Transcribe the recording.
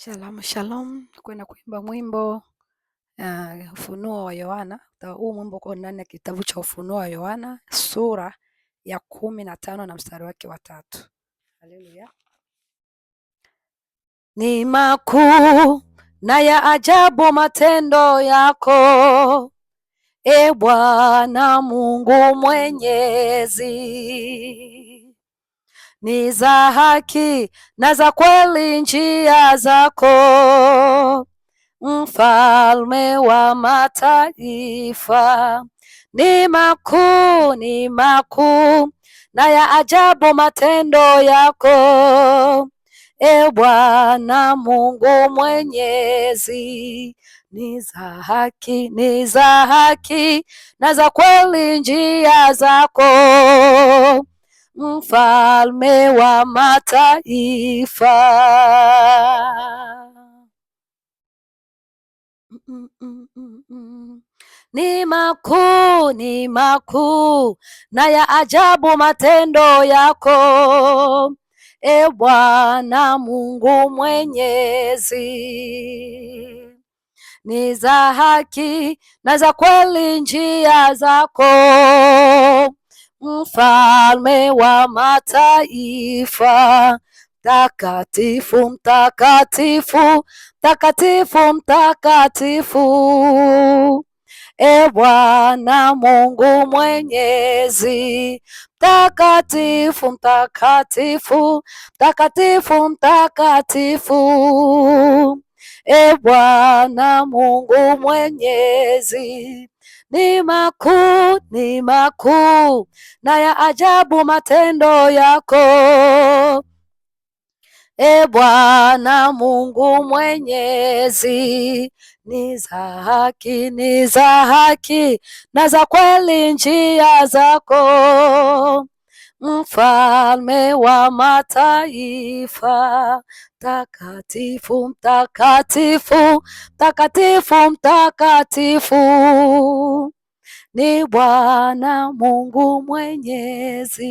Shalom shalom, kwenda kuimba mwimbo uh, Ufunuo wa Yohana. Huu mwimbo uko ndani ya kitabu cha Ufunuo wa Yohana sura ya kumi na tano na mstari wake wa tatu. Haleluya! Ni makuu na ya ajabu matendo yako, e Bwana Mungu Mwenyezi ni za haki na za kweli njia zako, mfalme wa mataifa. Ni makuu, ni makuu na ya ajabu matendo yako, e Bwana Mungu Mwenyezi. Ni za haki, ni za haki na za kweli njia zako mfalme wa mataifa. Mm, mm, mm, ni makuu, ni makuu na ya ajabu matendo yako, e Bwana Mungu Mwenyezi ni za haki na za kweli njia zako mfalme wa mataifa, mtakatifu, mtakatifu, mtakatifu, mtakatifu. E Bwana Mungu Mwenyezi, mtakatifu, mtakatifu, mtakatifu, mtakatifu E Bwana Mungu Mwenyezi, ni makuu, ni makuu na ya ajabu matendo yako. E Bwana Mungu Mwenyezi, ni za haki, ni za haki na za kweli njia zako. Mfalme wa mataifa, takatifu mtakatifu, takatifu mtakatifu ni Bwana Mungu Mwenyezi.